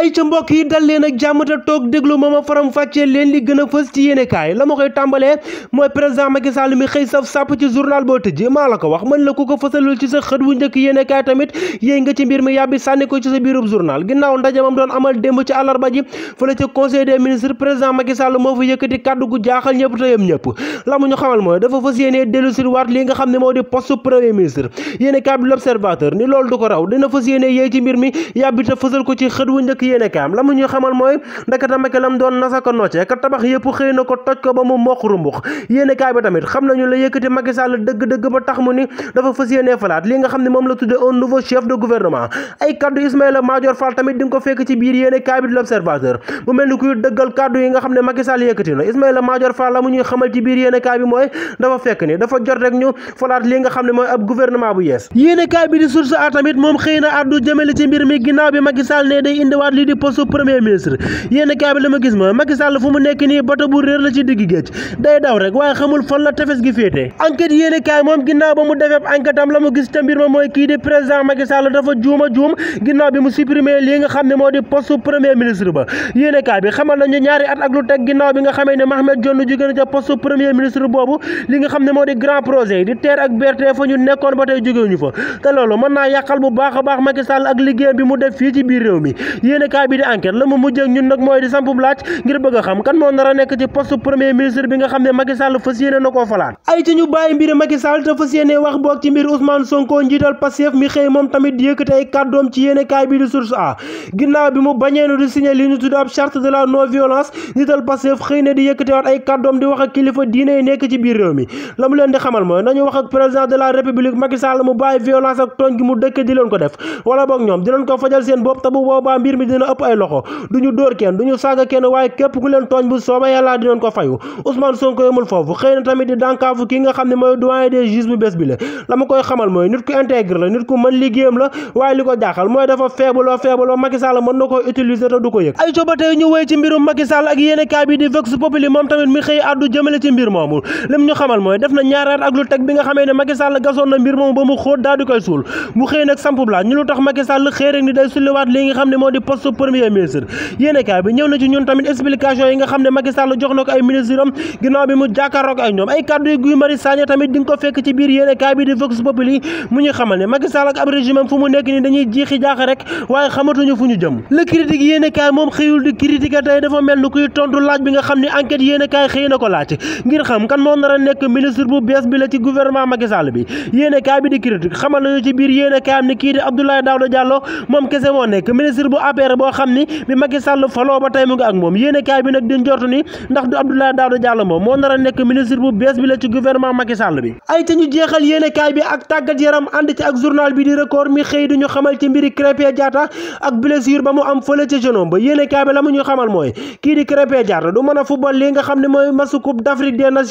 ay ca mbokk yi dal leen ak jàmm te toog déglu ma ma faram fàccee leen li gën a fës ci yéene kaay la ma koy tàmbalee mooy président Macky mi xëy saf sàpp ci journal boo tëjee maa la ko wax mën la ku ko fësalul ci sa xët wu njëkk yéene kaay tamit yéy nga ci mbir mi yàbbi sànni ko ci sa biirub journal ginnaaw ndaje mam doon amal démb ci àllarba ji fële ca conseil des ministres président Macky moo fa yëkkati kàddu gu jaaxal ñëpp te yëm la yéene kaam la mu ñu xamal mooy ndakata Macky lam doon nasa ko noccee ka tabax yëpp xëy na kaay bi di nga ko a moom xëy na addu jëmale ci mbir mi ginnaaw bi Macky ne day indiwaat lii di poste premier ministre yéen kaay bi la ma gis ma Macky Sall fu mu nekk nii bato bu réer la ci digg géej day daw rek waaye xamul fan la tefes gi féete enquête yéen kaay moom ginnaaw ba mu defee enquête la mu gis ca mbir ma mooy kii di président Macky Sall dafa juuma juum ginnaaw bi mu supprimer lii nga xam ne moo di poste premier ministre ba yéen kaay bi xamal nañu ñaari at ak lu teg ginnaaw bi nga xamee ne Mahammed Dionne jóge ca poste premier yéenekaay bi di enquête la mu mujjee ak ñun nag mooy di sampub laaj ngir bëgg xam kan moo nar nekk ci poste premier ministre bi nga xam ne Macky Sall fas yéene na koo falaat ay ci ñu bàyyi mbiri Macky Sall te fas yéene wax boog ci mbir Ousmane Sonko njiital Pastef mi xëy moom tamit di yëkkati ay kàddoom ci yéenekaay bi di source a ginnaaw bi mu bañeenu di signé li ñu ab charte de la non violence njiital Pastef xëy na di yëkkatiwaat ay wax ak kilifa diine leen a ëpp ay loxo du ñu dóor kenn du ñu saaga kenn waaye képp ku leen tooñ bu sooba yàlla dinañ ko fayu Ousmane Sonko yëmul foofu xëy na tamit di dànkaafu ki nga xam ne mooy doyen des juges bu bés bi la la ma koy xamal mooy nit ku intègre la nit ku mën liggéeyam la waaye li ko jaaxal mooy dafa faibloo faibloo Macky mën na ko utiliser te du ko yëg ay coba tey ñu wéy ci mbirum Macky ak yéene kaay di Vox Populi moom tamit mu xëy nag sampub sup premier ministre yéene kaay bi ñëw na ci ñun tamit explication yi nga xam ne Macky Sall jox na ko ay ministre am mu jàkkaarloog ay ci biir yéene kaay ni dañuy jiixi jaaxa rek a nekk ministre bu moom kese moo nekk ministre bu APR maire boo xam ni bi Macky Sall faloo ba tey mu ngi ak moom yéene kaay bi nag di njortu ni ndax du Abdoulaye Daouda Diallo moom moo nar a nekk ministre bu bees bi la ci gouvernement Macky Sall bi ay te ñu jeexal yéene kaay bi ak tàggat yaram ànd ci ak journal bi di record mi xëy duñu xamal ci mbiri Krépin Diatta ak blessure ba mu am fële ca genom ba yéene kaay bi la mu ñu xamal mooy kii di Krépin Diatta du mën a football li nga xam ne mooy masu coupe d'Afrique